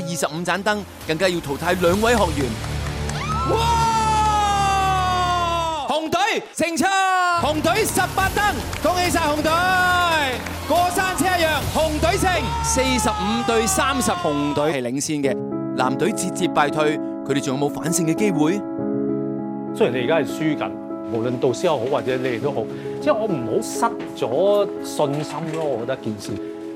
二十五盞燈，更加要淘汰兩位學員。哇！紅隊勝出，紅隊十八燈，恭喜晒紅隊，過山車一樣，紅隊勝四十五對三十，紅隊係領先嘅。藍隊節節敗退，佢哋仲有冇反勝嘅機會？雖然你而家係輸緊，無論導師又好或者你哋都好，即係我唔好失咗信心咯。我覺得一件事。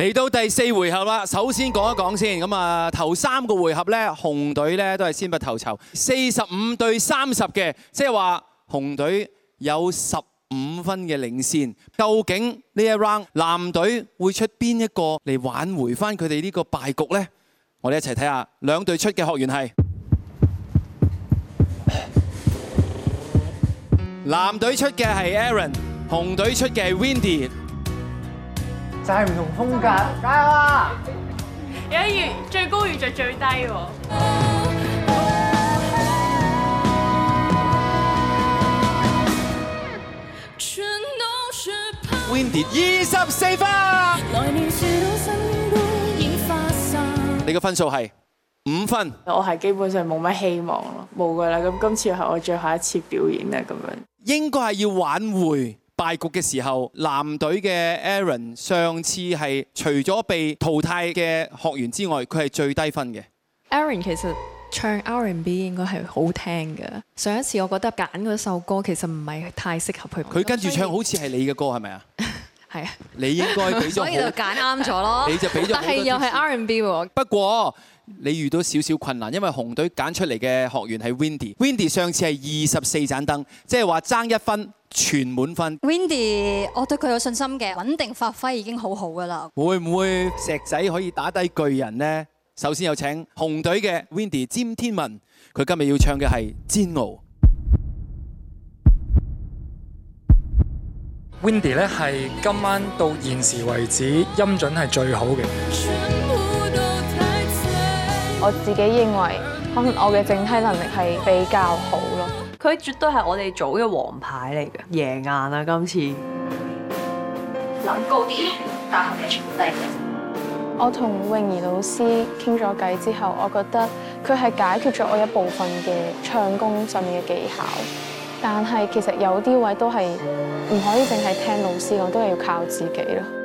嚟到第四回合啦，首先講一講先。咁啊，頭三個回合呢，紅隊呢都係先拔頭籌，四十五對三十嘅，即係話紅隊有十五分嘅領先。究竟呢一 round 藍隊會出邊一個嚟挽回翻佢哋呢個敗局呢？我哋一齊睇下兩隊出嘅學員係，藍隊出嘅係 Aaron，紅隊出嘅係 Windy。就係、是、唔同風格，加油啊！有一月最高月就最低喎。Wendy 二十四分，你嘅分數係五分。我係基本上冇乜希望咯，冇噶啦。咁今次係我最後一次表演咧，咁樣應該係要挽回敗局嘅時候，藍隊嘅 Aaron 上次係除咗被淘汰嘅學員之外，佢係最低分嘅。Aaron 其實唱 R&B 應該係好聽嘅。上一次我覺得揀嗰首歌其實唔係太適合佢。佢跟住唱好似係你嘅歌係咪啊？係啊，是的 你應該俾咗所以就揀啱咗咯。你就俾咗，但係又係 R&B 喎。不過你遇到少少困難，因為紅隊揀出嚟嘅學員係 Windy。Windy 上次係二十四盞燈，即係話爭一分。全滿分，Wendy，我對佢有信心嘅，穩定發揮已經好好㗎喇。會唔會石仔可以打低巨人呢？首先有請紅隊嘅 Wendy 詹天文，佢今日要唱嘅係《煎熬》。Wendy 呢係今晚到現時為止音準係最好嘅。我自己認為，可能我嘅整體能力係比較好囉。佢絕對係我哋組嘅王牌嚟嘅，贏硬啦今次。諗高啲，但係要坐低嘅。我同泳兒老師傾咗偈之後，我覺得佢係解決咗我一部分嘅唱功上面嘅技巧，但係其實有啲位都係唔可以淨係聽老師講，都係要靠自己咯。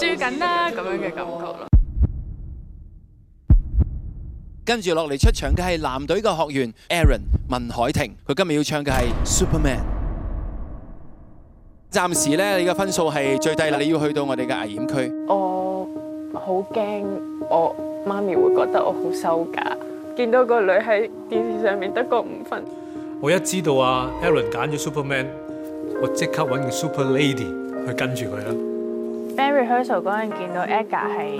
住緊啦，咁、啊、樣嘅感覺咯。跟住落嚟出場嘅係藍隊嘅學員 Aaron 文凱婷。佢今日要唱嘅係 Superman。暫時咧，你嘅分數係最低啦，你要去到我哋嘅危險區。我好驚，我媽咪會覺得我好羞家。見到個女喺電視上面得個五分，我一知道啊，Aaron 揀咗 Superman，我即刻搵個 Super Lady 去跟住佢啦。very rehearsal 嗰陣見到 Edgar 係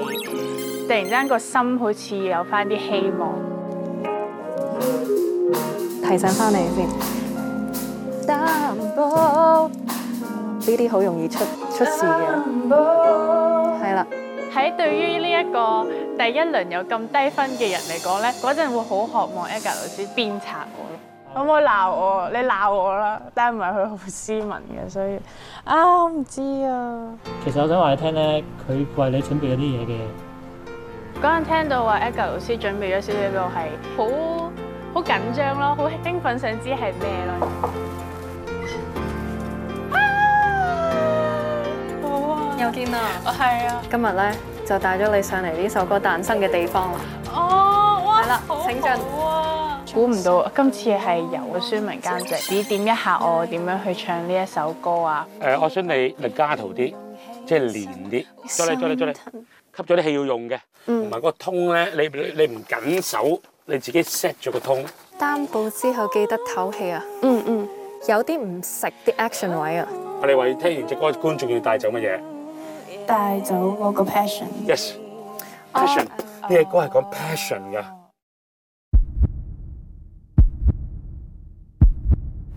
突然之間個心好似有翻啲希望，提醒翻你先。呢啲好容易出出事嘅，係啦。喺對於呢一個第一輪有咁低分嘅人嚟講咧，嗰陣會好渴望 Edgar 老師鞭策我咯。可唔可以鬧我？你鬧我啦！但唔係佢好斯文嘅，所以啊，我唔知啊。其實我想話你聽咧，佢為你準備咗啲嘢嘅。嗰陣聽到話 Eric 老師準備咗少少俾我，係好好緊張咯，好興奮，想知係咩啦？好啊！又見啦！啊，係啊！今日咧就帶咗你上嚟呢首歌誕生嘅地方啦。哦，哇，係啦！請進！估唔到今次係由書文監制指點一下我點樣去唱呢一首歌啊！誒，我想你嚟加圖啲，即係練啲，捉嚟捉嚟捉嚟，吸咗啲氣要用嘅，同埋個通咧，你你你唔緊手，你自己 set 住個通。擔保之後記得透氣啊！嗯嗯，有啲唔食啲 action 位啊！我哋話聽完隻歌，觀眾要帶走乜嘢？帶走我個 passion。Yes，passion。呢隻歌係講 passion 㗎。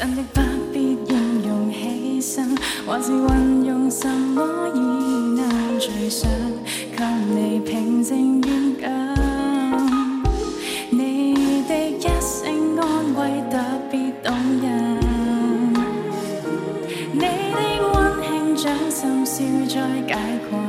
真的不必形容犧牲，還是運用什麼異能，最想給你平靜怨感。你的一聲安慰特別動人，你的温馨掌心，消災解困。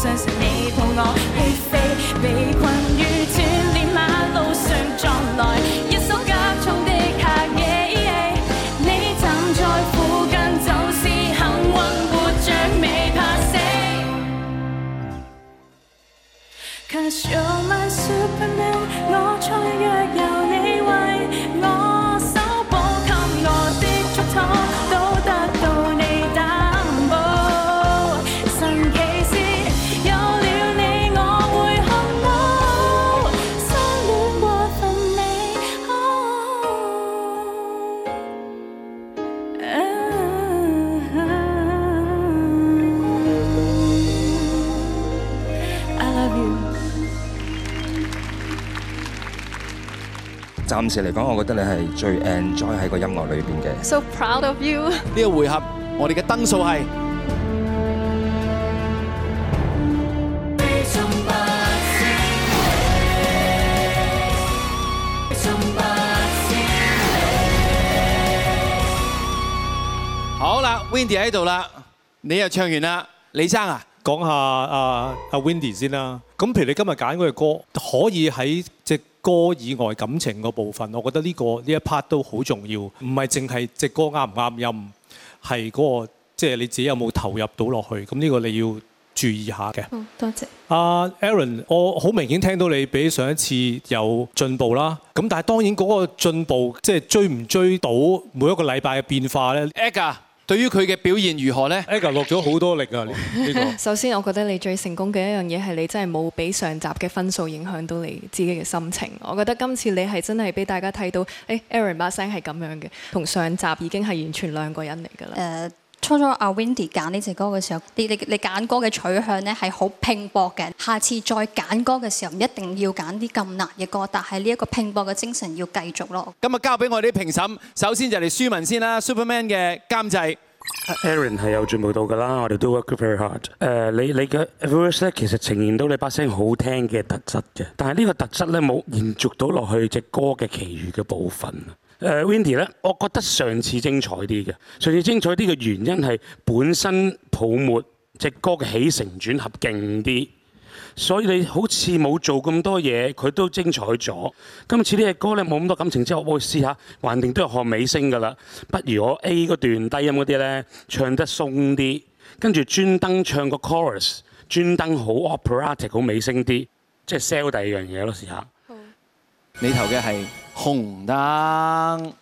相信你抱我。暫時嚟講，我覺得你係最 enjoy 喺個音樂裏邊嘅。So proud of you。呢個回合，我哋嘅燈數係。好啦，Wendy 喺度啦，你又唱完啦，李生啊，講下阿阿 Wendy 先啦。咁譬如你今日揀嗰隻歌，可以喺即。歌以外感情個部分，我覺得呢、這個呢一 part 都好重要，唔係淨係隻歌啱唔啱音，係嗰、那個即係、就是、你自己有冇投入到落去，咁呢個你要注意下嘅。多謝，謝。阿、uh, Aaron，我好明顯聽到你比上一次有進步啦，咁但係當然嗰個進步即係、就是、追唔追到每一個禮拜嘅變化呢？對於佢嘅表現如何呢？Eric 落咗好多力啊！呢個、首先，我覺得你最成功嘅一樣嘢係你真係冇俾上集嘅分數影響到你自己嘅心情。我覺得今次你係真係俾大家睇到，誒 Aaron 把聲係咁樣嘅，同上集已經係完全是兩個人嚟㗎啦、嗯初初阿 Windy 揀呢隻歌嘅時候，你你你揀歌嘅取向咧係好拼搏嘅。下次再揀歌嘅時候，唔一定要揀啲咁難嘅歌，但係呢一個拼搏嘅精神要繼續咯。咁啊，交俾我哋啲評審，首先就嚟舒文先啦。Superman 嘅監製 Aaron 係有準備到㗎啦，我哋都 work very hard。誒，uh，你你嘅 verse 咧，其實呈現到你把聲好聽嘅特質嘅，但係呢個特質咧冇延續到落去隻歌嘅其餘嘅部分。誒、uh，Windy 咧，我覺得上次精彩啲嘅。上次精彩啲嘅原因係本身泡沫隻歌嘅起承轉合勁啲，所以你好似冇做咁多嘢，佢都精彩咗。今次呢隻歌咧冇咁多感情之後，我試下，橫掂都係學美聲㗎啦。不如我 A 嗰段低音嗰啲咧唱得鬆啲，跟住專登唱個 chorus，專登好 operatic 好美聲啲，即係 sell 第二樣嘢咯。試下。嗯、你投嘅係。紅燈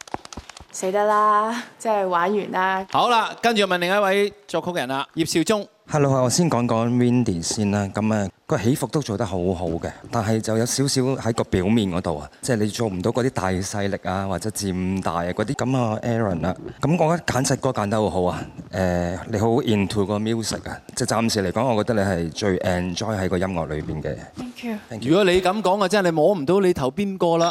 死得啦，即係玩完啦。好啦，跟住問另一位作曲人啦，葉兆中。Hello，我先講講 Windy 先啦。咁啊，個起伏都做得好好嘅，但係就有少少喺個表面嗰度啊，即係你做唔到嗰啲大勢力啊，或者佔大啊嗰啲咁啊 Aaron 啦。咁我覺得揀首歌揀得好好啊。你好 into 個 music 啊，即係暫時嚟講，我覺得你係最 enjoy 喺個音樂裏面嘅。Thank you。Thank you. 如果你咁講啊，真係你摸唔到你頭邊個啦。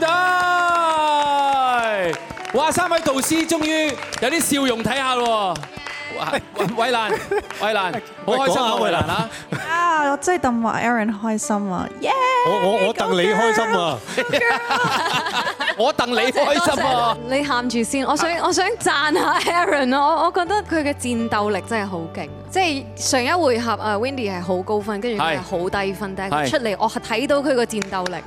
對，哇！三位導師終於有啲笑容睇下咯。喂，慧蘭，慧蘭，好開心啊！慧蘭啦。啊！我真係戥我 Aaron 開心啊 Yeah！我我我戥你開心啊！我戥你開心啊！你喊住先，我想我想讚下 Aaron 咯。我我覺得佢嘅戰鬥力真係好勁。即係上一回合啊 Windy 係好高分，跟住佢係好低分，但係佢出嚟我係睇到佢個戰鬥力啊！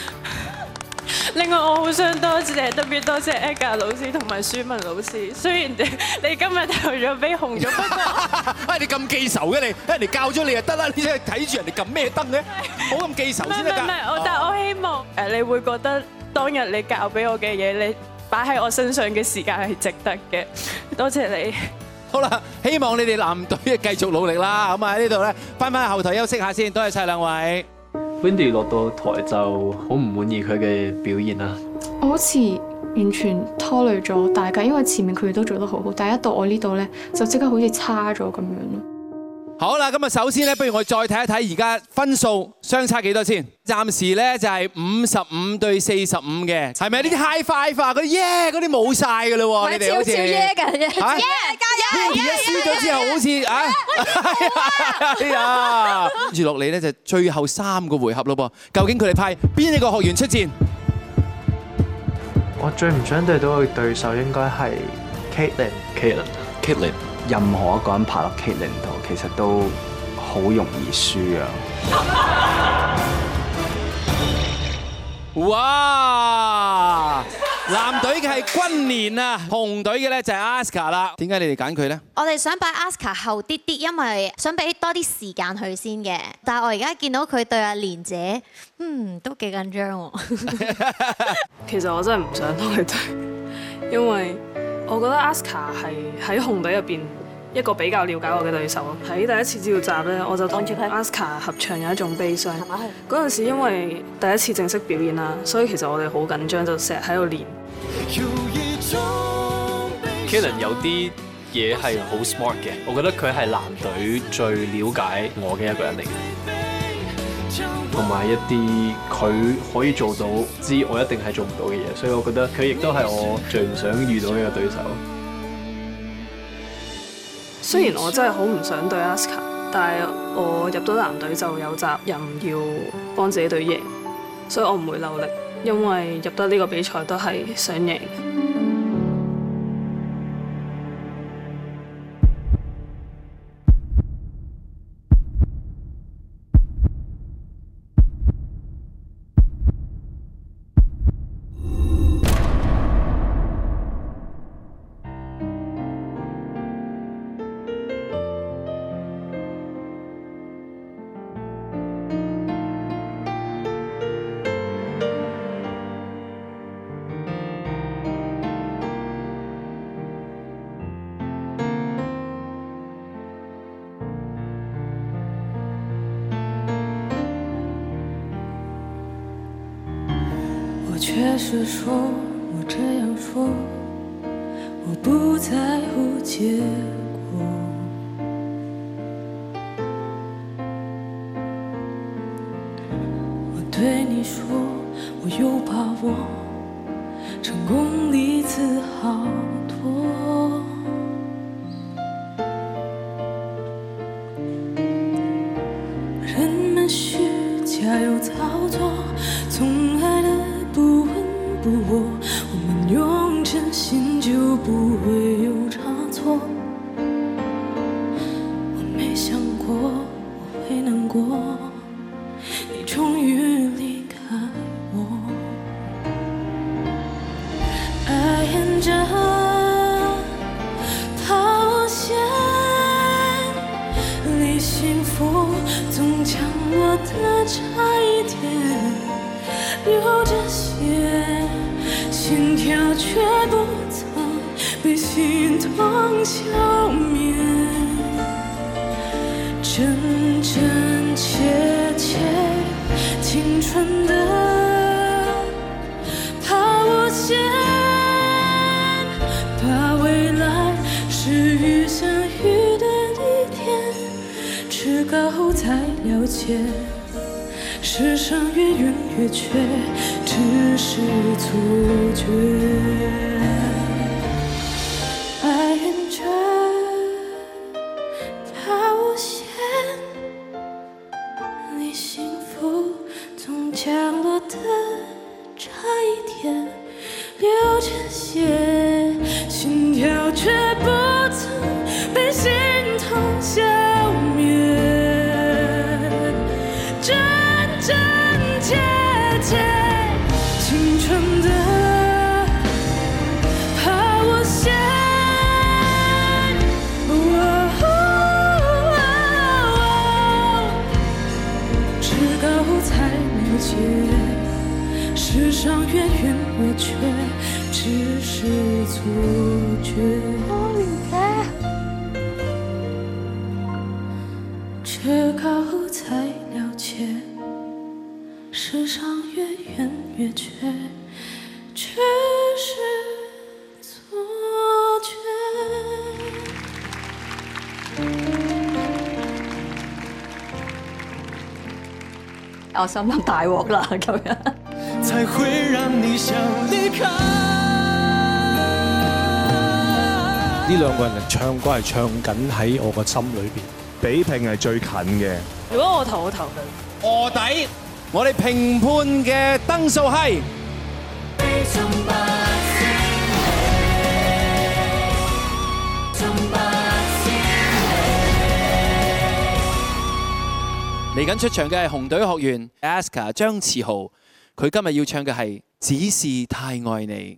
另外，我好想多謝，特別多謝 Eric 老師同埋舒文老師。雖然你你今日投咗，俾紅咗，不過喂，你咁記仇嘅你，人哋教咗你就得啦，你走去睇住人哋撳咩燈嘅，冇咁記仇先得㗎。唔係，我但係我希望誒，你會覺得當日你教俾我嘅嘢，你擺喺我身上嘅時間係值得嘅。多謝你。好啦，希望你哋藍隊繼續努力啦。咁啊，喺呢度咧，翻返去後台休息下先。多謝晒兩位。Wendy 落到台就好唔滿意佢嘅表現啦。我好似完全拖累咗大家，因為前面佢哋都做得好好，但一到我呢度咧，就即刻好似差咗咁樣。好啦，咁啊，首先咧，不如我再睇一睇而家分數相差幾多先？暫時咧就係五十五對四十五嘅，係咪呢啲 high five 啊，嗰啲耶，嗰啲冇晒嘅嘞喎，你哋好少耶 e 耶！加油，而家一輸咗之後，好似，跟住落嚟咧就最後三個回合咯噃，究竟佢哋派邊一個學員出戰？我最唔想對到嘅對手應該係 Katelyn。Katelyn。Katelyn。任何一個人爬落 K 零度，其實都好容易輸啊！哇！藍隊嘅係君蓮啊，紅隊嘅咧就係 Aska 啦。點解你哋揀佢呢？我哋想擺 Aska 後啲啲，因為想俾多啲時間佢先嘅。但係我而家見到佢對阿蓮姐，嗯，都幾緊張喎。 其實我真係唔想同佢對，因為我覺得 a Aska 係喺紅隊入邊。一個比較了解我嘅對手。喺第一次召集咧，我就同阿 Ska 合唱有一種悲傷。嗰陣時因為第一次正式表演啦，所以其實我哋好緊張，就成日喺度練。Kalen 有啲嘢係好 smart 嘅，我覺得佢係藍隊最了解我嘅一個人嚟嘅，同埋一啲佢可以做到，知我一定係做唔到嘅嘢，所以我覺得佢亦都係我最唔想遇到嘅對手。雖然我真係好唔想對阿斯卡，但係我入到藍隊就有責任要幫自己隊贏，所以我唔會留力，因為入得呢個比賽都係想贏。到後才了解，世上月圓月缺，只是錯覺。咁大鑊啦！離開呢兩個人唱歌係唱緊喺我個心裏邊，比拼係最近嘅。如果我投，我投佢臥底。我哋評判嘅燈數係嚟緊出場嘅係紅隊學員 Aska 張馳豪，佢今日要唱嘅係《只是太愛你》。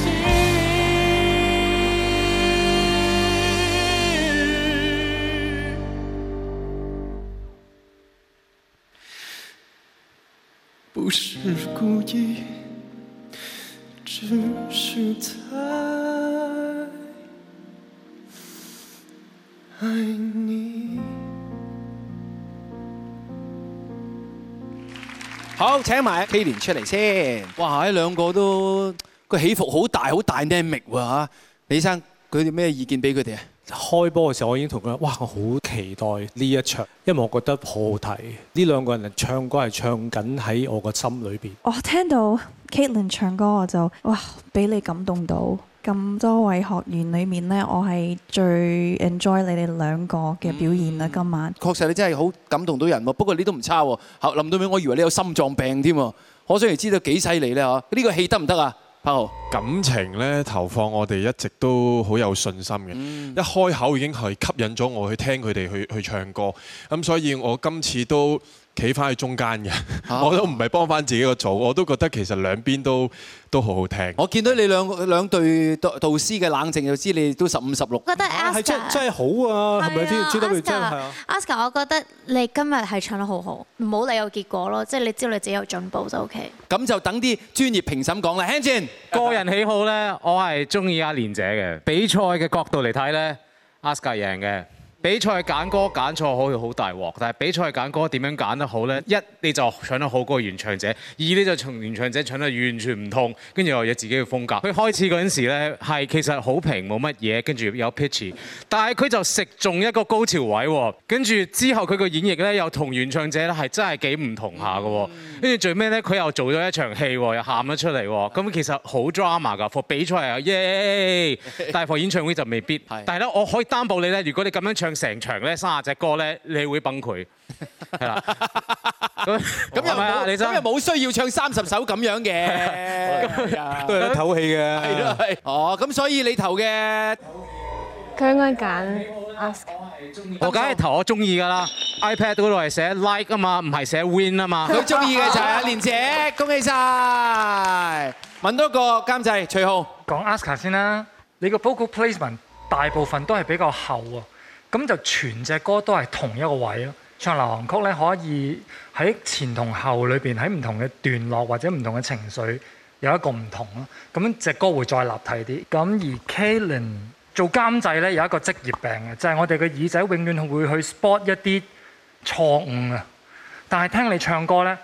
好，請埋 Katelyn 出嚟先。哇，呢兩個都個起伏好大，好大 dynamic 喎。李生，佢哋咩意見俾佢哋啊？開波嘅時候，我已經同佢話：哇，我好期待呢一場，因為我覺得好好睇。呢兩個人唱歌係唱緊喺我個心裏邊。我聽到 Katelyn 唱歌，我就哇，俾你感動到。咁多位學員裏面呢，我係最 enjoy 你哋兩個嘅表演啦，今晚。確實你真係好感動到人喎，不過你都唔差喎。臨到尾我以為你有心臟病添喎，我雖知道幾犀利呢。呢個戲得唔得啊，柏豪。感情呢，投放，我哋一直都好有信心嘅，一開口已經係吸引咗我去聽佢哋去去唱歌，咁所以我今次都。企翻去中間嘅，我都唔係幫翻自己個組，我都覺得其實兩邊都都好好聽。我見到你兩兩對導導師嘅冷靜，就知你都十五十六。覺得 Aska 真真係好啊，係咪知 g W 真啊。Aska，r 我覺得你今日係唱得好好，唔好理有結果咯，即係你知道你自己有進步就 O K。咁就等啲專業評審講啦。Hanson，個人喜好咧，我係中意阿蓮姐嘅。比賽嘅角度嚟睇咧，Aska r 贏嘅。比賽揀歌揀錯可以好大鑊，但係比賽揀歌點樣揀得好呢？一你就唱得好過原唱者，二你就從原唱者唱得完全唔同，跟住又有自己嘅風格。佢開始嗰陣時呢，係其實好平冇乜嘢，跟住有 pitch，但係佢就食中一個高潮位喎，跟住之後佢個演繹呢，又同原唱者呢係真係幾唔同下嘅，跟住最尾呢，佢又做咗一場戲喎，又喊咗出嚟喎，咁其實好 drama 㗎。for 比賽係，yeah，但係 for 演唱會就未必。係是，但係我可以擔保你呢，如果你咁樣唱。成場咧，卅隻歌咧，你會崩潰係啦。咁咁又冇，你真係冇需要唱三十首咁樣嘅，都係唞氣嘅。係咯，係。哦，咁所以你投嘅，佢應該揀 Ask。我梗係投我中意㗎啦。iPad 嗰度係寫 like 啊嘛，唔係寫 win 啊嘛。佢中意嘅就係阿蓮姐，恭喜曬！問多個監製徐浩，講 Ask 先啦。你個 vocal placement 大部分都係比較厚啊。咁就全隻歌都係同一個位咯、啊。唱流行曲咧，可以喺前同後裏面，喺唔同嘅段落或者唔同嘅情緒有一個唔同咯。咁隻歌會再立體啲。咁而 Kalin 做監製咧，有一個職業病嘅、啊，就係我哋嘅耳仔永遠會去 spot 一啲錯誤啊。但係聽你唱歌咧，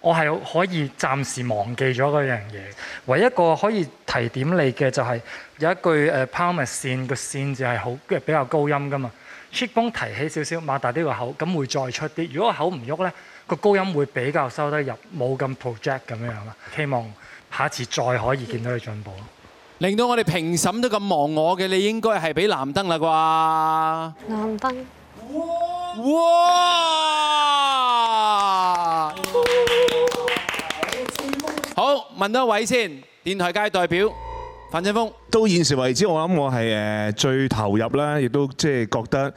我係可以暫時忘記咗嗰樣嘢。唯一一個可以提點你嘅就係有一句、啊、p a l m r t 線個線字係好，比較高音噶嘛。聲 band 提起少少，擘大呢個口，咁會再出啲。如果個口唔喐咧，個高音會比較收得入，冇咁 project 咁樣樣啦。希望下一次再可以見到你進步。謝謝 令到我哋評審都咁忘我嘅，你應該係俾藍燈啦啩？藍燈。哇！好，問多一位先，電台界代表。范振峰，到現時為止，我諗我係誒最投入啦，亦都即係覺得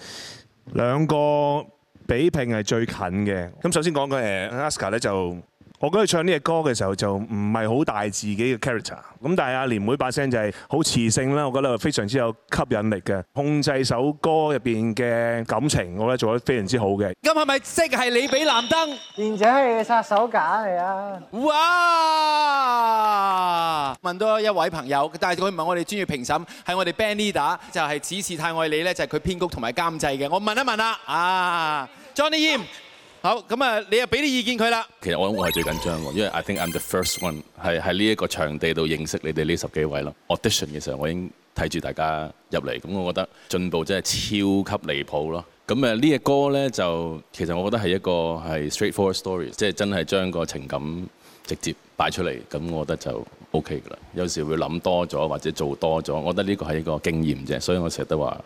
兩個比拼係最近嘅。咁首先講個誒 a s k e 咧就。我覺得唱呢隻歌嘅時候就唔係好大自己嘅 character，咁但係阿蓮妹把聲就係好磁性啦，我覺得非常之有吸引力嘅，控制首歌入面嘅感情，我覺得做得非常之好嘅。咁係咪即係你畀藍燈，而且係殺手架嚟啊？哇！問多一位朋友，但係佢唔係我哋專業評審，係我哋 band leader，就係《只是太愛你》咧，就係佢編曲同埋監製嘅。我問一問啦，啊，Johnny Yim 好，咁啊，你又俾啲意見佢啦。其實我諗我係最緊張㗎，因為 I think I'm the first one，係喺呢一個場地度認識你哋呢十幾位咯。audition 嘅時候，我已經睇住大家入嚟，咁我覺得進步真係超級離譜咯。咁啊，呢隻歌呢，就其實我覺得係一個係 straightforward story，即係真係將個情感直接擺出嚟，咁我覺得就 OK 㗎啦。有時會諗多咗或者做多咗，我覺得呢個係一個經驗啫，所以我成日都話，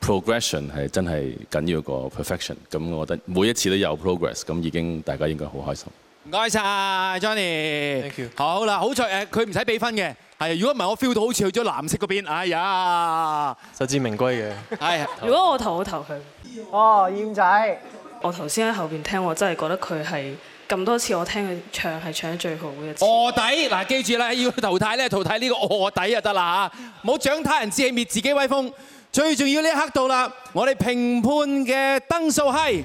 Progression 係真係緊要過 perfection，咁我覺得每一次都有 progress，咁已經大家應該，應該很謝謝好開心。唔該晒 j o h n n y 好啦，好彩誒佢唔使俾分嘅，係如果唔係我 feel 到好似去咗藍色嗰邊，哎呀，實至名歸嘅。係。如果我投好投佢，哦，燕仔。我頭先喺後邊聽，我真係覺得佢係咁多次我聽佢唱係唱得最好嘅一臥底嗱，記住啦，要去淘汰咧，淘汰呢個臥底就得啦嚇，冇獎他人知氣，自己滅自己威風。最重要呢一刻到啦！我哋評判嘅燈數係。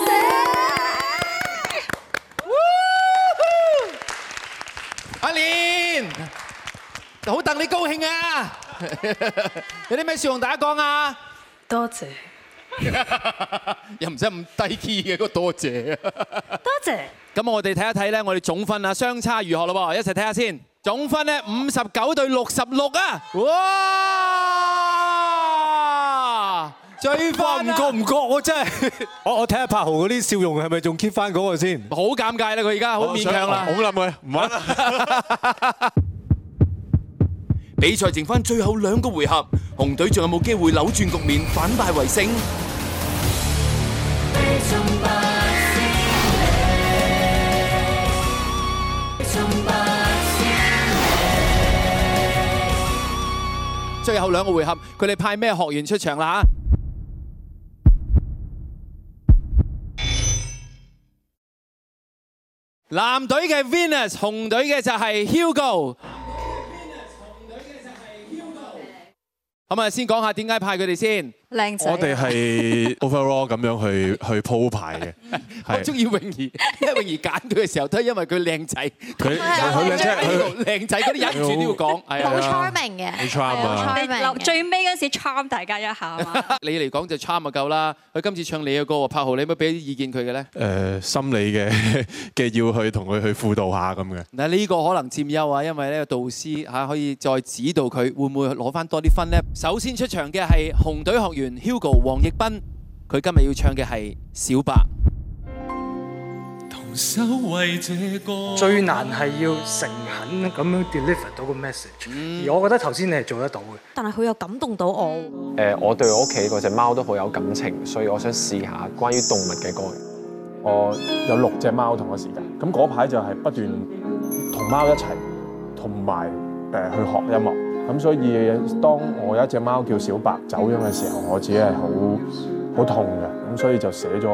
好戥你高興啊！有啲咩笑容大家講啊？多謝，又唔使咁低 key 嘅個多謝啊！多謝。咁我哋睇一睇咧，我哋總分啊，相差如何咯？一齊睇下先。總分咧五十九對六十六啊！哇！最快唔覺唔覺，我真係我我睇下柏豪嗰啲笑容係咪仲 keep 翻嗰個先？好尷尬啦！佢而家好勉強啊！好諗佢唔揾。比賽剩翻最後兩個回合，紅隊仲有冇機會扭轉局面反敗為勝？最後兩個回合，佢哋派咩學員出場啦？吓，藍隊嘅 Venus，紅隊嘅就係 Hugo。咁啊，先講下點解派佢哋先。靚仔，我哋係 overall 咁樣去去鋪排嘅。我中意泳兒，因為泳兒揀佢嘅時候都係因為佢靚仔。佢佢靚仔，佢靚仔嗰啲引誘都要講。好 charming 嘅，charm 啊！最尾陣時 charm 大家一下。你嚟講就 charm 就夠啦。佢今次唱你嘅歌喎，柏豪，你有冇俾啲意見佢嘅咧？誒，心理嘅嘅要去同佢去輔導下咁嘅。嗱，呢個可能佔優啊，因為呢個導師嚇可以再指導佢，會唔會攞翻多啲分咧？首先出場嘅係紅隊學員。Hugo 黃奕斌，佢今日要唱嘅係《小白》同為這，同最難係要誠懇咁樣 deliver 到個 message，、嗯、而我覺得頭先你係做得到嘅，但係佢又感動到我。誒、呃，我對我屋企嗰隻貓都好有感情，所以我想試下關於動物嘅歌。我有六隻貓同一時間，咁嗰排就係不斷同貓一齊，同埋誒去學音樂。咁所以，當我有一隻貓叫小白走咗嘅時候，我自己係好好痛嘅。咁所以就寫咗《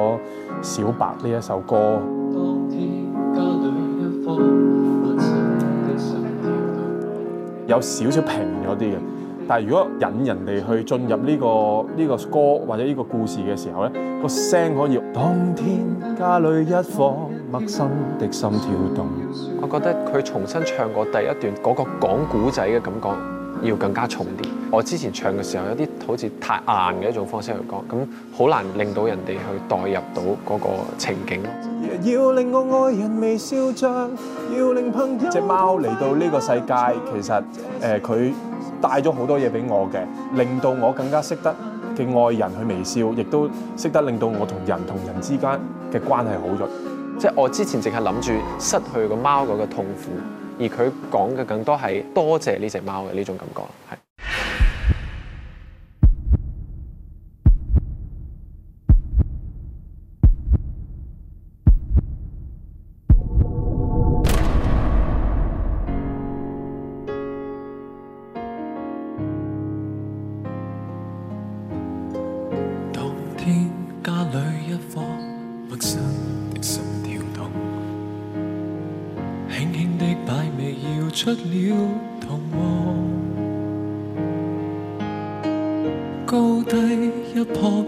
小白》呢一首歌。有少少平咗啲嘅，但係如果引人哋去進入呢、呢個呢、呢個歌或者呢個故事嘅時候咧，個聲可以。當天家裏一顆，陌生的心跳動。我覺得佢重新唱過第一段嗰、個講古仔嘅感覺。要更加重啲。我之前唱嘅時候有啲好似太硬嘅一種方式去講，咁好難令到人哋去代入到嗰個情景咯。要令我愛人微笑着，要令朋友。隻貓嚟到呢個世界，其實誒，佢、呃、帶咗好多嘢俾我嘅，令到我更加識得嘅愛人去微笑，亦都識得令到我同人同人之間嘅關係好咗。即係我之前淨係諗住失去個貓嗰個痛苦。而佢講嘅更多係多謝呢隻貓嘅呢種感覺，係。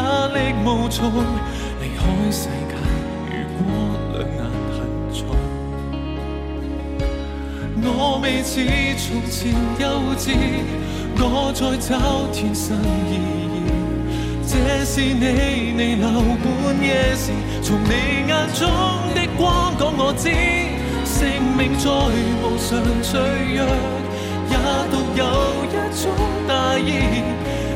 壓力無從離開世界如，如果兩眼很重，我未似從前幼稚，我在找天生意義。這是你，你留半夜時，從你眼中的光，講我知，性命再無常脆弱，也獨有一種大意。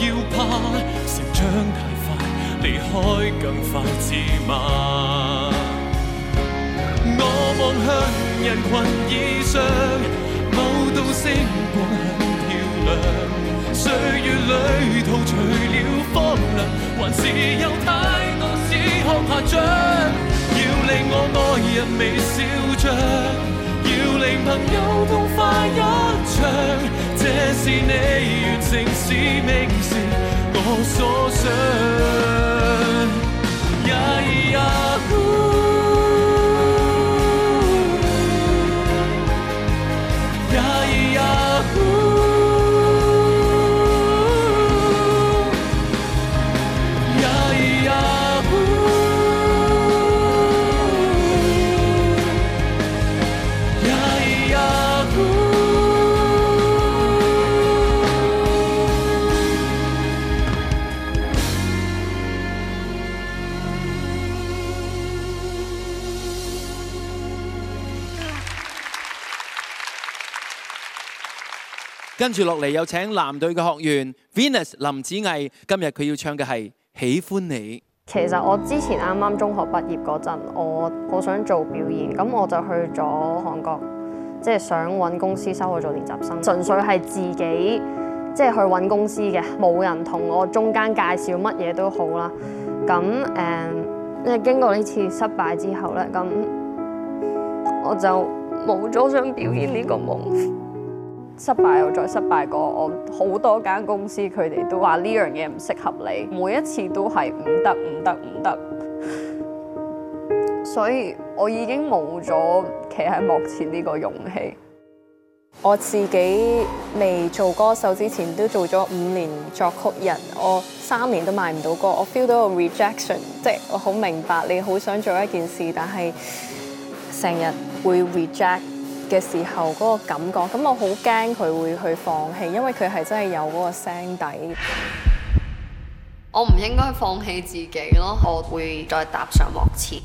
要怕成長太快，離開更快慢，知嗎？ 我望向人群以上，某道星光很漂亮。歲月旅途除了荒涼，還是有太多事可拍掌。著。要令我愛人微笑着，要令朋友痛快一場。這是你完成使命時，我所想。跟住落嚟，有請藍隊嘅學員 Venus 林沚羿，今日佢要唱嘅係《喜歡你》。其實我之前啱啱中學畢業嗰陣，我好想做表演，咁我就去咗韓國，即係想搵公司收我做練習生，純粹係自己即係去搵公司嘅，冇人同我中間介紹乜嘢都好啦。咁誒，即係經過呢次失敗之後呢，咁我就冇咗想表演呢個夢。失敗又再失敗過，我好多間公司佢哋都話呢樣嘢唔適合你，每一次都係唔得唔得唔得，不不 所以我已經冇咗企喺幕前呢個勇氣。我自己未做歌手之前都做咗五年作曲人，我三年都賣唔到歌，我 feel 到個 rejection，即係我好明白你好想做一件事，但係成日會 reject。嘅時候嗰個感覺，咁我好驚佢會去放棄，因為佢係真係有嗰個聲底。我唔應該放棄自己咯，我會再踏上幕前。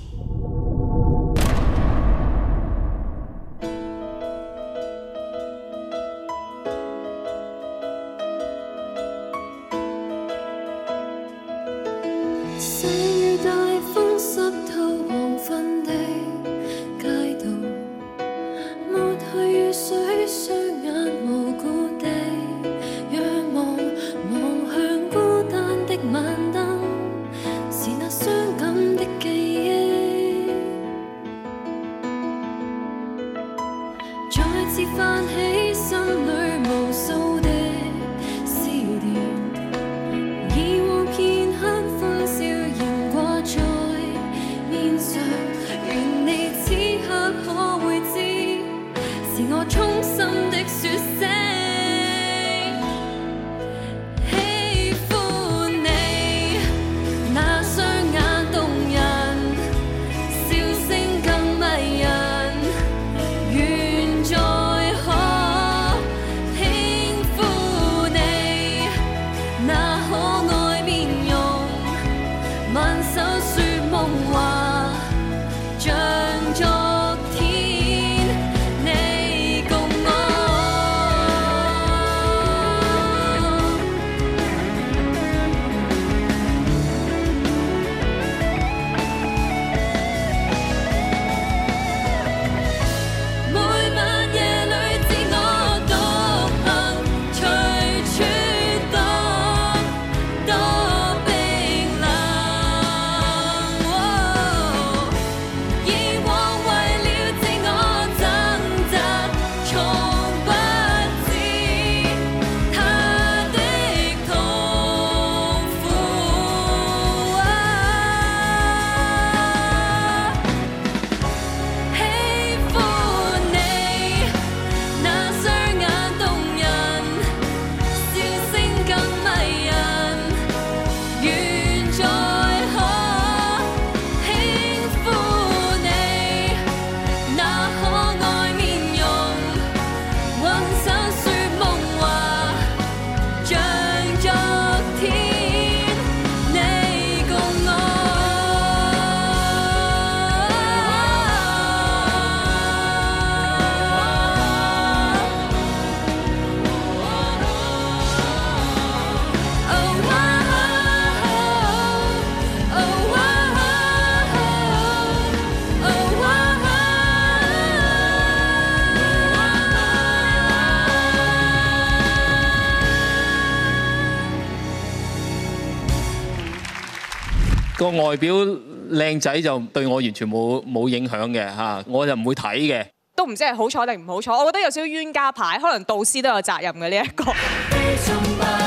個外表靚仔就對我完全冇冇影響嘅吓，我就唔會睇嘅。都唔知係好彩定唔好彩，我覺得有少少冤家牌，可能導師都有責任嘅呢一個。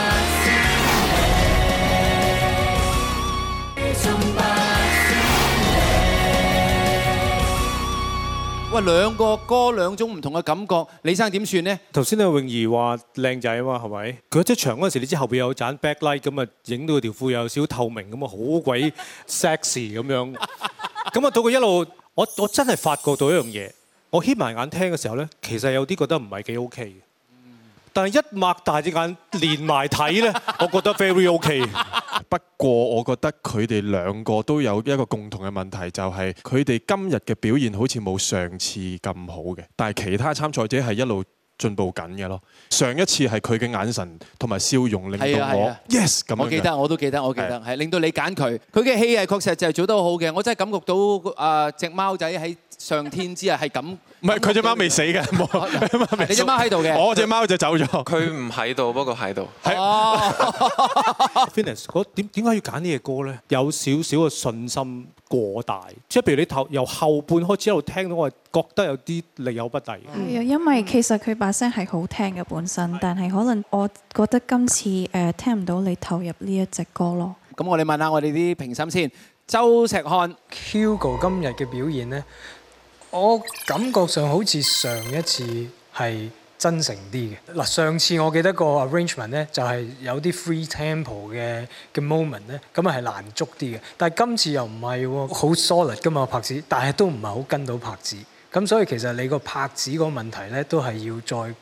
喂，兩個歌兩種唔同嘅感覺，李生點算呢？頭先阿泳兒話靚仔啊嘛，係咪？佢一出場嗰陣時，你知道後面有盞 back light 咁啊，影到個條褲有少少透明咁啊，好鬼 sexy 咁樣。咁啊，到佢一路，我我真係發覺到一樣嘢，我瞇埋眼聽嘅時候呢，其實有啲覺得唔係幾 OK 但係一擘大隻眼連埋睇咧，我覺得 very ok。不過我覺得佢哋兩個都有一個共同嘅問題，就係佢哋今日嘅表現好似冇上次咁好嘅。但係其他參賽者係一路進步緊嘅咯。上一次係佢嘅眼神同埋笑容令到我 yes。咁，我記得我都記得，我記得係令到你揀佢。佢嘅氣係確實就係做得好好嘅。我真係感覺到啊隻貓仔喺上天之啊係咁。唔係佢隻貓未死嘅，冇。你隻貓喺度嘅，我隻貓就走咗。佢唔喺度，不過喺度。哦。Finish 點解是 要揀呢隻歌咧？有少少嘅信心過大，即係譬如你頭由後半開始一路聽到，我覺得有啲力有不逮。係啊，因為其實佢把聲係好聽嘅本身，但係可能我覺得今次誒聽唔到你投入呢一隻歌咯。咁我哋問下我哋啲評審先，周石漢 Hugo 今日嘅表現咧？我感覺上好似上一次係真誠啲嘅嗱，上次我記得個 arrangement 咧就係有啲 free tempo 嘅嘅 moment 咧，咁啊係難捉啲嘅，但係今次又唔係好 solid 㗎嘛，拍子，但係都唔係好跟到拍子，咁所以其實你個拍子個問題咧都係要再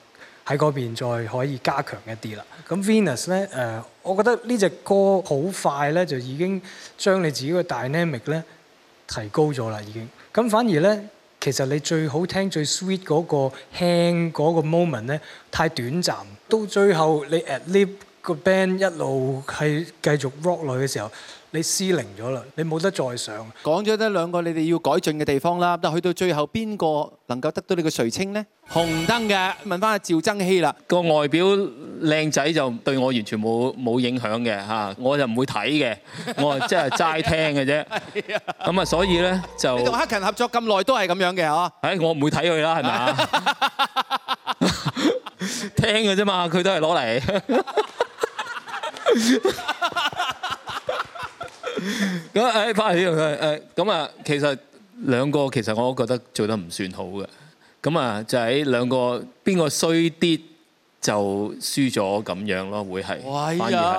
喺嗰邊再可以加強一啲啦。咁 Venus 咧，我覺得呢隻歌好快咧就已經將你自己嘅 dynamic 咧提高咗啦，已經，咁反而咧。其實你最好聽最 sweet 嗰、那個 hang 嗰、那個 moment 咧，太短暫。到最後你 at live、那個 band 一路係繼續 rock 落去嘅時候。你失靈咗啦，你冇得再上。講咗得兩個你哋要改進嘅地方啦，但係去到最後邊個能夠得到你個垂青咧？紅燈嘅，問翻阿趙增熹啦。個外表靚仔就對我完全冇冇影響嘅嚇，我就唔會睇嘅，我係即係齋聽嘅啫。咁啊，所以咧就同黑勤合作咁耐都係咁樣嘅嗬。誒，我唔會睇佢啦，係咪啊？聽嘅啫嘛，佢都係攞嚟。咁誒，柏宇誒誒，咁啊，其實兩個其實我都覺得做得唔算好嘅，咁啊就喺兩個邊個衰啲就輸咗咁樣咯，會係，反而係。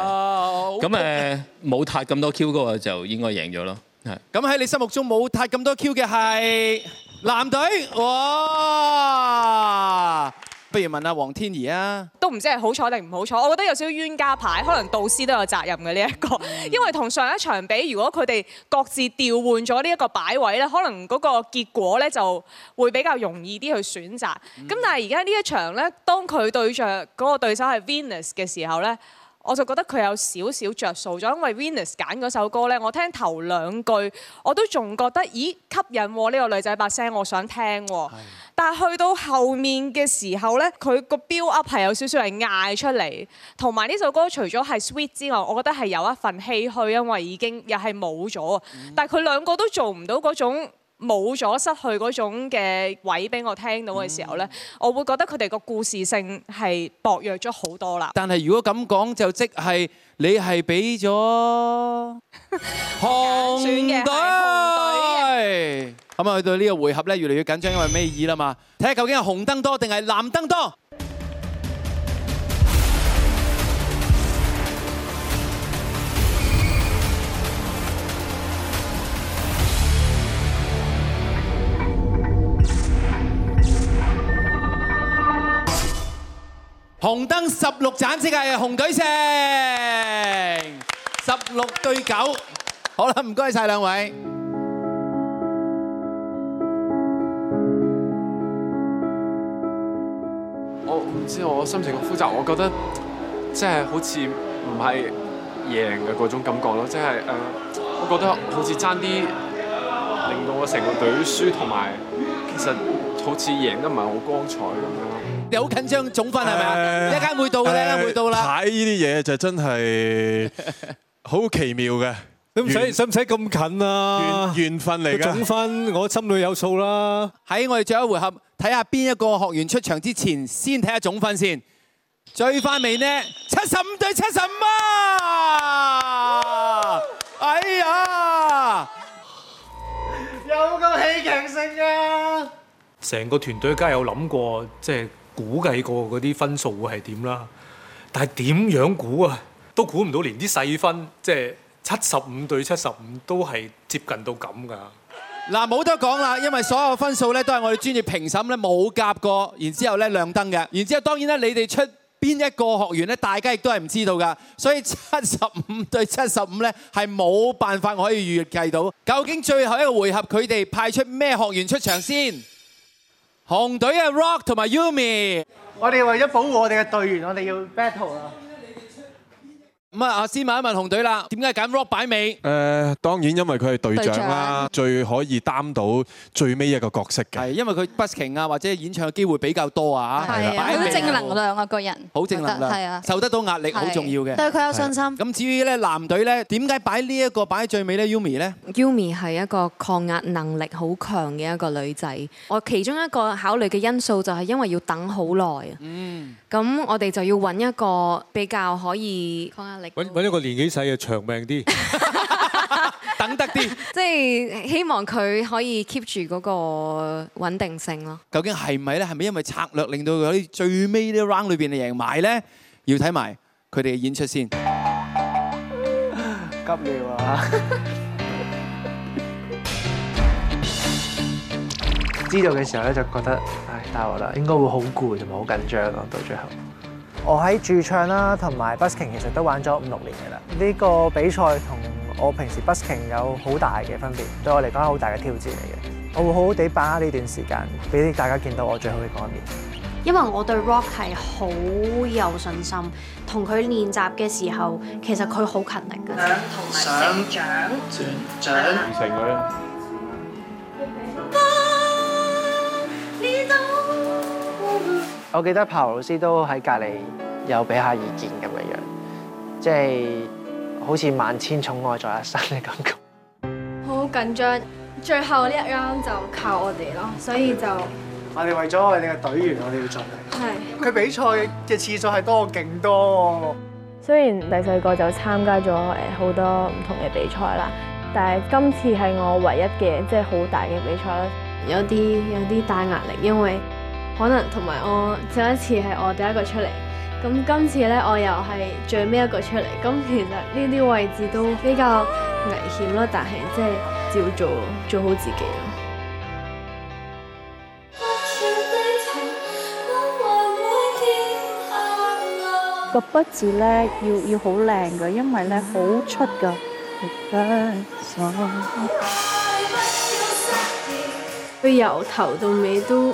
咁誒、哎呀，冇太咁多 Q 個就應該贏咗咯。係，咁喺你心目中冇太咁多 Q 嘅係藍隊。哇！不如問下黃天怡啊？都唔知係好彩定唔好彩，我覺得有少少冤家牌，可能導師都有責任嘅呢一個，因為同上一場比，如果佢哋各自調換咗呢一個擺位呢，可能嗰個結果呢，就會比較容易啲去選擇。咁但係而家呢一場呢，當佢對著嗰個對手係 Venus 嘅時候呢。我就覺得佢有少少着數咗，因為 Venus 揀嗰首歌呢，我聽頭兩句我都仲覺得咦，吸引，呢個女仔把聲，我想聽啊。但係去到後面嘅時候呢，佢個 build up 係有少少係嗌出嚟，同埋呢首歌除咗係 sweet 之外，我覺得係有一份唏噓，因為已經又係冇咗。但係佢兩個都做唔到嗰種。冇咗、失去嗰種嘅位俾我聽到嘅時候咧，我會覺得佢哋個故事性係薄弱咗好多啦。但係如果咁講，就即係你係俾咗紅隊，咁啊，去到呢個回合咧，越嚟越緊張，因為尾二啦嘛，睇下究竟係紅燈多定係藍燈多？紅燈十六盞即係，紅隊勝十六對九。好啦，唔該晒兩位我不。我唔知，我心情好複雜，我覺得即係好似唔係贏嘅嗰種感覺咯，即係誒，我覺得好似爭啲令到我成個隊輸，同埋其實好似贏得唔係好光彩咁樣。你好緊張總分係咪啊？一間會到嘅咧，會到啦。睇呢啲嘢就真係好奇妙嘅。咁使使唔使咁近啊？緣緣分嚟㗎。總分我心裏有數啦。喺我哋最後回合，睇下邊一個學員出場之前，先睇下總分先。最快未呢？七十五對七十五啊！哎呀！有咁戲劇性啊！成個團隊梗係有諗過，即係。估計過嗰啲分數會係點啦，但係點樣估啊？都估唔到連細，連啲細分即係七十五對七十五都係接近到咁㗎。嗱，冇得講啦，因為所有分數呢，都係我哋專業評審呢冇夾過，然之後呢亮燈嘅。然之後當然咧，你哋出邊一個學員呢，大家亦都係唔知道㗎。所以七十五對七十五呢，係冇辦法可以預計到，究竟最後一個回合佢哋派出咩學員出場先？紅隊嘅 Rock 同埋 Yumi，我哋為咗保護我哋嘅隊員，我哋要 battle 啊！咁啊，先問一問紅隊啦，點解揀 Rock 擺尾？誒，當然因為佢係隊長啦，最可以擔到最尾一個角色嘅。係因為佢 busking 啊，或者演唱嘅機會比較多啊，嚇。係。擺尾。好正能量啊，個人。好正能量。係啊。受得到壓力好重要嘅。對佢有信心。咁至於咧藍隊咧，點解擺呢一個擺喺最尾咧？Yumi 咧？Yumi 係一個抗壓能力好強嘅一個女仔。我其中一個考慮嘅因素就係因為要等好耐啊。嗯。咁我哋就要揾一個比較可以抗壓。揾揾一個年紀細嘅長命啲，等得啲，即係希望佢可以 keep 住嗰個穩定性咯。究竟係咪咧？係咪因為策略令到佢喺最尾啲 round 裏邊就贏埋咧？要睇埋佢哋嘅演出先。急尿啊！知道嘅時候咧，就覺得唉，大鑊喇，應該會好攰同埋好緊張咯，到最後。我喺駐唱啦，同埋 busking 其實都玩咗五六年嘅啦。呢個比賽同我平時 busking 有好大嘅分別，對我嚟講係好大嘅挑戰嚟嘅。我會好好地把握呢段時間，俾大家見到我最好嘅一面。因為我對 rock 係好有信心，同佢練習嘅時候，其實佢好勤力嘅。想同埋成長，長成長成佢。我記得柏老師都喺隔離有俾下意見咁樣樣，即係好似萬千寵愛在一身嘅感覺。好緊張，最後呢一 round 就靠我哋咯，所以就了我哋為咗我哋嘅隊員，我哋要盡力。係佢是比賽嘅次數係多勁多。多多雖然第四個就參加咗誒好多唔同嘅比賽啦，但係今次係我唯一嘅即係好大嘅比賽啦，有啲有啲大壓力，因為。可能同埋我，上一次係我第一個出嚟，咁今次呢，我又係最尾一個出嚟，咁其實呢啲位置都比較危險咯，但係即係照做做好自己咯。個筆字呢，要要好靚噶，因為呢好出噶，佢由頭到尾都。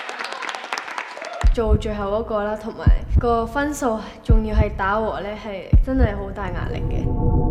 做最後嗰個啦，同埋個分數仲要係打和咧，係真係好大壓力嘅。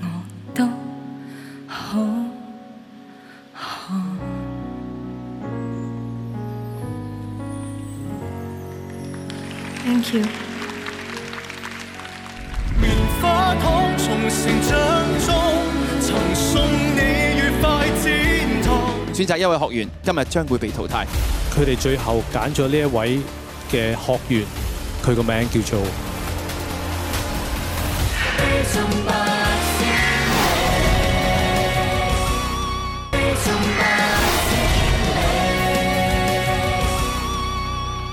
我都好好 Thank you。選擇一位學員，今日將會被淘汰。佢哋最後揀咗呢一位嘅學員，佢個名叫做。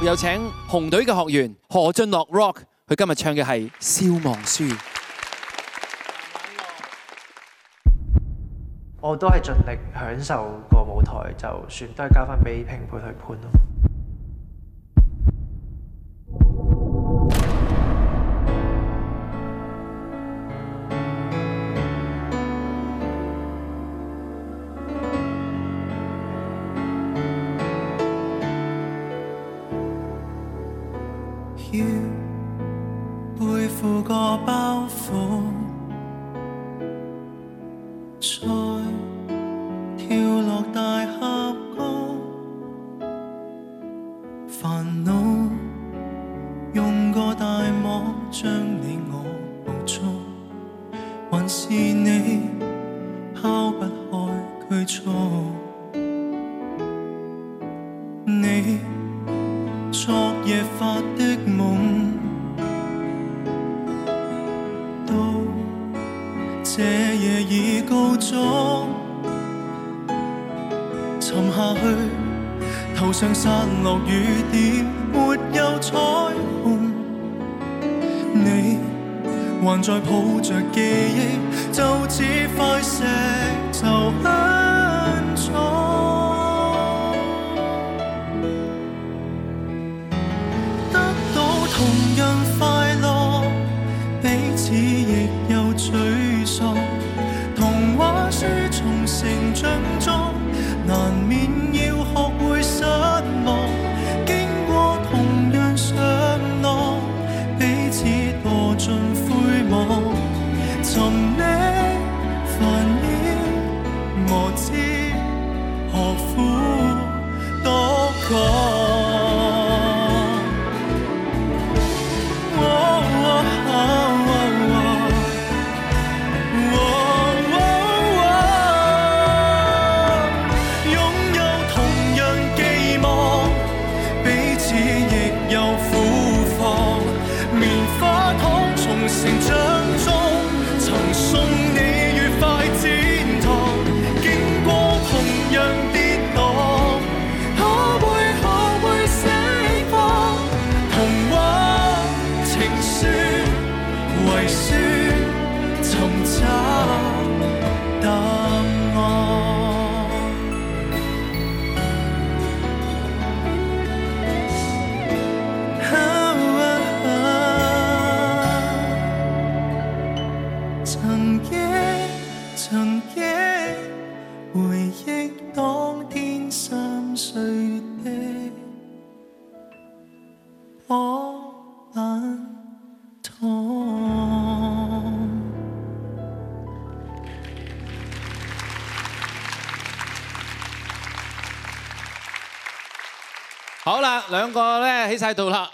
有請紅隊嘅學員何晉樂 rock，佢今日唱嘅係《消亡書》。我都係盡力享受個舞台，就算都係交翻俾評判去判咯。兩個咧企晒度啦，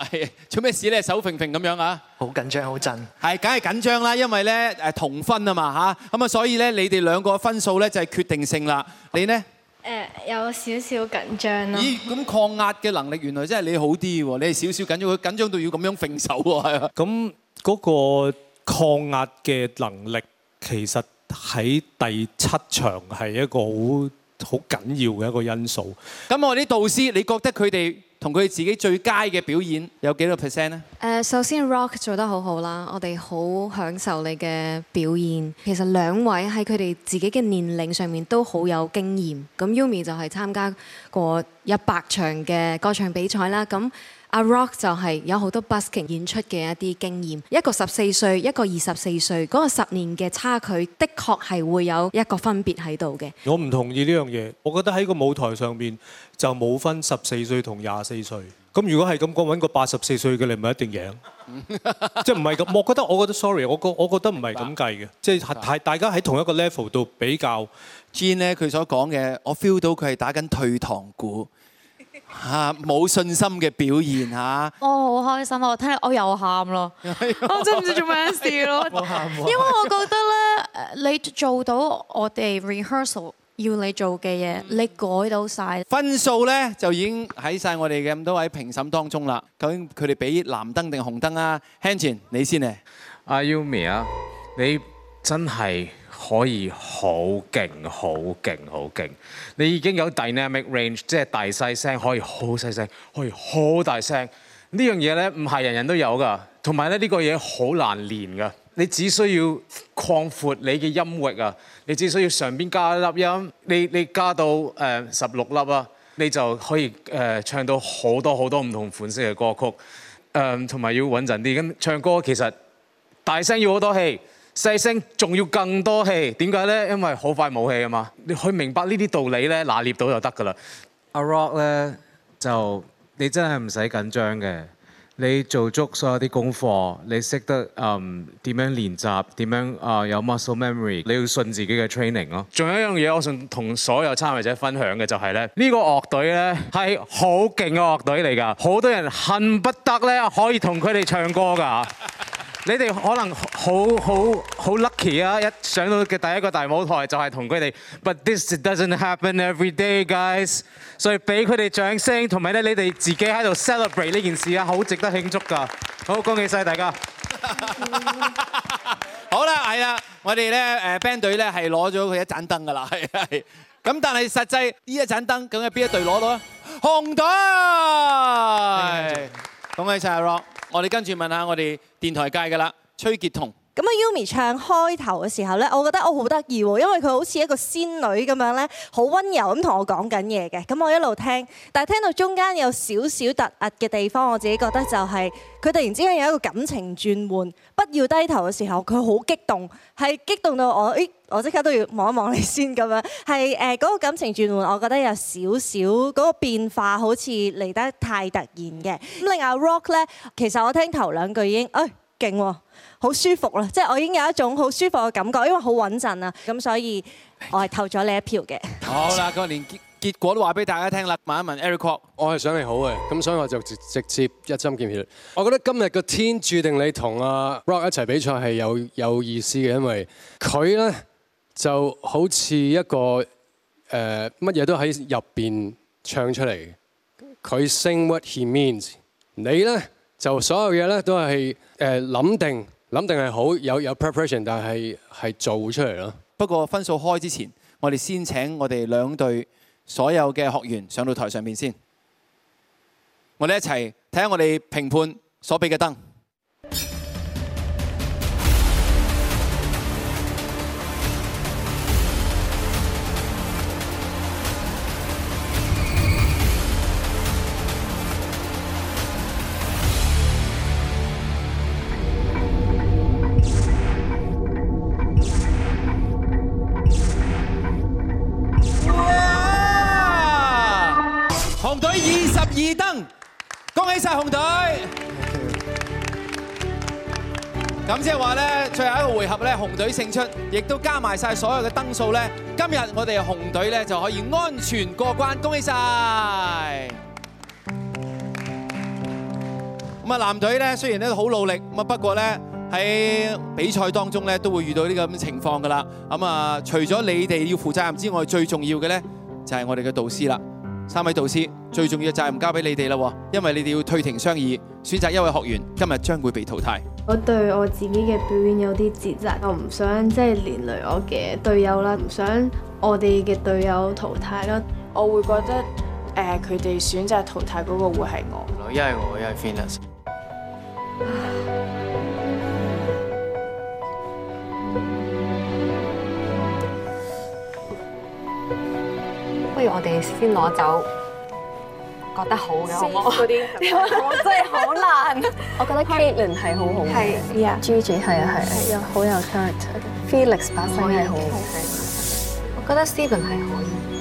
做咩事咧？手揈揈咁樣啊！好緊張，好震嘅。係，梗係緊張啦，因為咧誒同分啊嘛吓，咁啊所以咧你哋兩個分數咧就係決定性啦。你呢，誒，有少少緊張咯。咦？咁抗壓嘅能力原來真係你好啲喎，你係少少緊張，佢緊張到要咁樣揈手喎，係嘛？咁嗰個抗壓嘅能力其實喺第七場係一個好好緊要嘅一個因素。咁我啲導師，你覺得佢哋？同佢自己最佳嘅表演有幾多 percent 呢？誒，首先 Rock 做得好好啦，我哋好享受你嘅表演。其實兩位喺佢哋自己嘅年齡上面都好有經驗。咁 Yumi 就係參加過一百場嘅歌唱比賽啦。咁阿 Rock 就係有好多 busking 演出嘅一啲經驗。一個十四歲，一個二十四歲，嗰個十年嘅差距，的確係會有一個分別喺度嘅。我唔同意呢樣嘢。我覺得喺個舞台上面。就冇分十四歲同廿四歲，咁如果係咁講，揾個八十四歲嘅你咪一定贏，即係唔係咁？我覺得我覺得 sorry，我覺我覺得唔係咁計嘅，即係係大家喺同一個 level 度比較。Gin 咧，佢所講嘅，我 feel 到佢係打緊退堂鼓嚇，冇、啊、信心嘅表現嚇。啊、我好開心啊！我聽日我又喊咯，我真唔知做咩事咯，因為我覺得咧， 你做到我哋 rehearsal。要你做嘅嘢，你改到晒。分數咧，就已經喺晒我哋嘅咁多位評審當中啦。究竟佢哋俾藍燈定紅燈啊？Hanson，en, 你先咧。阿 Yumi 啊，你真係可以好勁、好勁、好勁！你已經有 dynamic range，即係大細聲可以好細聲，可以好大聲。呢樣嘢咧唔係人人都有噶，同埋咧呢個嘢好難練噶。你只需要擴闊你嘅音域啊！你只需要上邊加一粒音，你你加到誒十六粒啊，你就可以誒、呃、唱到好多好多唔同款式嘅歌曲。誒同埋要穩陣啲，咁唱歌其實大聲要好多氣，細聲仲要更多氣。點解咧？因為好快冇氣啊嘛。你可以明白呢啲道理咧，拿捏到就得㗎啦。A Rock 咧就你真係唔使緊張嘅。你做足所有啲功課，你識得嗯點樣練習，點樣啊有 muscle memory，你要信自己嘅 training 咯。仲有一樣嘢，我想同所有參與者分享嘅就係咧，呢個樂隊咧係好勁嘅樂隊嚟㗎，好多人恨不得咧可以同佢哋唱歌㗎。 你哋可能好好好 lucky 啊！一上到嘅第一個大舞台就係同佢哋，but this doesn't happen every day, guys。所以俾佢哋掌聲，同埋咧你哋自己喺度 celebrate 呢件事啊，好值得慶祝噶。好，恭喜曬大家。好啦，係啦，我哋咧誒 band 隊咧係攞咗佢一盞燈噶啦，係係。咁但係實際呢一盞燈，究竟係邊一隊攞到啊？紅隊。恭喜曬阿 Rock！我哋跟住問下我哋電台界嘅啦，崔潔彤。咁啊，Yumi 唱開頭嘅時候咧，我覺得我好得意喎，因為佢好似一個仙女咁樣咧，好溫柔咁同我講緊嘢嘅。咁我一路聽，但係聽到中間有少少突兀嘅地方，我自己覺得就係、是、佢突然之間有一個感情轉換。不要低頭嘅時候，佢好激動，係激動到我，誒，我即刻都要望一望你先咁樣。係嗰、嗰個感情轉換，我覺得有少少嗰個變化，好似嚟得太突然嘅。咁另外阿 Rock 咧，其實我聽頭兩句已經，哎。勁好舒服咯！即係我已經有一種好舒服嘅感覺，因為好穩陣啊，咁所以我係投咗你一票嘅。好啦，個年結結果都話俾大家聽啦，問一問 Eric 我係想你好嘅，咁所以我就直直接一針見血。我覺得今日個天註定你同阿 Rock 一齊比賽係有有意思嘅，因為佢咧就好似一個誒乜嘢都喺入邊唱出嚟，佢 sing what he means，你咧。就所有嘢咧都係想諗定，諗定係好有有 preparation，但係係做出嚟。不過分數開之前，我哋先請我哋兩隊所有嘅學員上到台上面先，我哋一齊睇下我哋評判所俾嘅燈。恭喜晒紅隊！咁即係話咧，最後一個回合咧，紅隊勝出，亦都加埋曬所有嘅燈數咧。今日我哋紅隊咧就可以安全過關，恭喜曬！咁啊，藍隊咧雖然咧好努力，咁啊不過咧喺比賽當中咧都會遇到呢個咁情況噶啦。咁啊，除咗你哋要負責任之外，最重要嘅咧就係我哋嘅導師啦。三位導師最重要嘅責任交俾你哋啦，因為你哋要退庭商議，選擇一位學員今日將會被淘汰。我對我自己嘅表演有啲自責，我唔想即係連累我嘅隊友啦，唔想我哋嘅隊友淘汰啦。我會覺得誒，佢、呃、哋選擇淘汰嗰個會係我。一係我，一係不如我哋先攞走，覺得好嘅好啊！嗰啲我真係好難。我覺得 Kaitlyn 係好好，係啊，Gigi 係啊係，好有 character。Felix 把聲係好好，我覺得 Stephen 係可以嘅。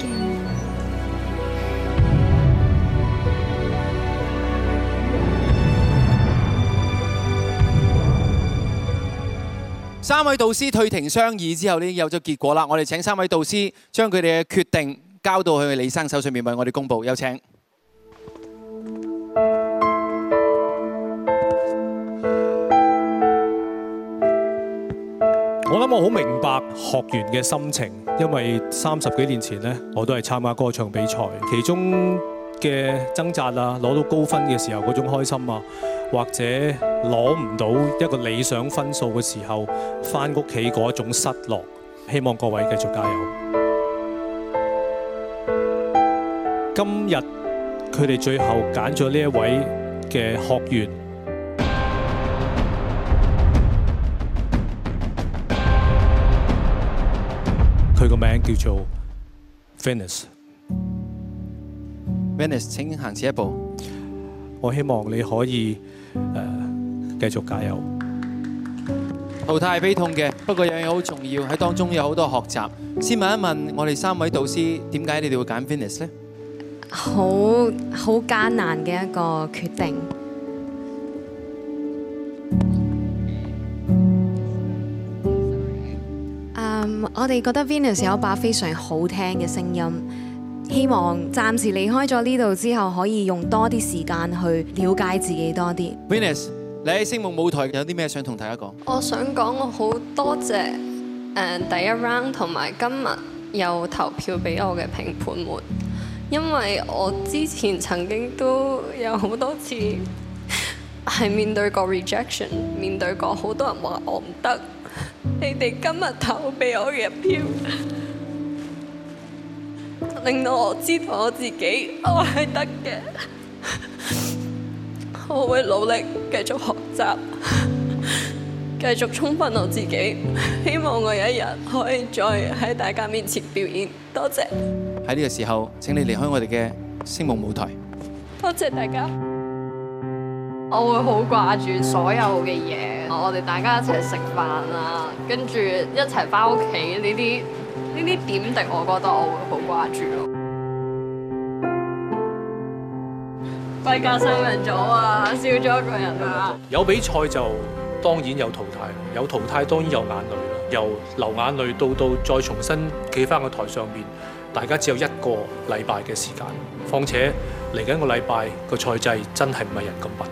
三位導師退庭商議之後呢，已經有咗結果啦。我哋請三位導師將佢哋嘅決定。交到去李生手上面為我哋公布，有請。我諗我好明白學員嘅心情，因為三十幾年前呢，我都係參加歌唱比賽，其中嘅掙扎啊，攞到高分嘅時候嗰種開心啊，或者攞唔到一個理想分數嘅時候，翻屋企嗰一種失落。希望各位繼續加油。今日佢哋最後揀咗呢一位嘅學員，佢個名叫做 Venus Venus 請行前一步。我希望你可以誒呃，繼續加油。淘汰悲痛嘅，不過有嘢好重要喺當中，有好多學習。先問一問我哋三位導師，點解你哋會揀 Venus 呢？好好艱難嘅一個決定。我哋覺得 Venus 有一把非常好聽嘅聲音，希望暫時離開咗呢度之後，可以用多啲時間去了解自己多啲。Venus，你喺聲夢舞台有啲咩想同大家講？我想講，我好多謝第一 round 同埋今日又投票俾我嘅評判們。因為我之前曾經都有好多次係面對過 rejection，面對過好多人話我唔得。你哋今日投俾我嘅票，令到我知道我自己我係得嘅。我會努力繼續學習，繼續充分我自己。希望我有一日可以再喺大家面前表演。多謝。喺呢個時候，請你離開我哋嘅星夢舞台。多謝大家，我會好掛住所有嘅嘢。我哋大家一齊食飯啊，跟住一齊翻屋企呢啲呢啲點滴，我覺得我會好掛住咯。畢業生日早啊，少咗一個人啊。有比賽就當然有淘汰，有淘汰當然有眼淚啦。由流眼淚到到再重新企翻個台上邊。大家只有一個禮拜嘅時間，況且嚟緊個禮拜個賽制真係唔係人咁笨。